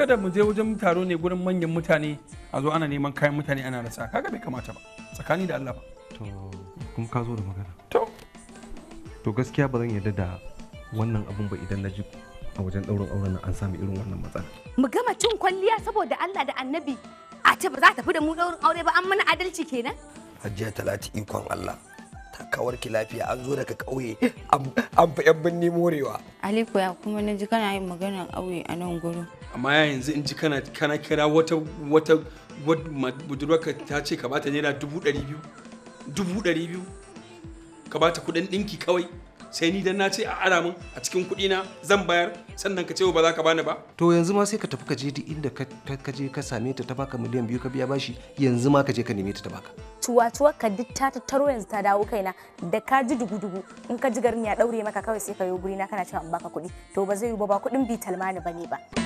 kada mu je wajen taro ne gurin manyan mutane a zo ana neman kayan mutane ana rasa kaga bai kamata ba tsakani da Allah ba to kuma ka zo da magana to to gaskiya ba zan yarda da wannan abun ba idan na ji a wajen ɗaurin auren an sami irin wannan matsala mu gama cin kwalliya saboda Allah da Annabi a ce ba za ta fi da mu ɗaurin aure ba an mana adalci kenan Hajiya Talatu ikon Allah ta kawar ki lafiya an zo daga ƙauye an fa 'yan binni morewa Aliko ya kuma na ji kana yin maganar aure a nan gurin amma yanzu in ji kana kana kira wata wata budurwarka ta ce ka bata naira dubu ɗari biyu dubu ɗari biyu ka bata kuɗin ɗinki kawai sai ni dan na ce a ara min a cikin kuɗi na zan bayar sannan ka ce ba za ka bani ba to yanzu ma sai ka tafi ka je duk inda ka je ka same ta ta baka miliyan biyu ka biya bashi yanzu ma ka je ka neme ta ta baka tuwa tuwa ka duk ta tattaro yanzu ta dawo kaina da ka ji dugu dugu in ka ji garin ya daure maka kawai sai ka yo guri na kana cewa in baka kuɗi to ba zai yi ba ba kuɗin bitalmani bane ba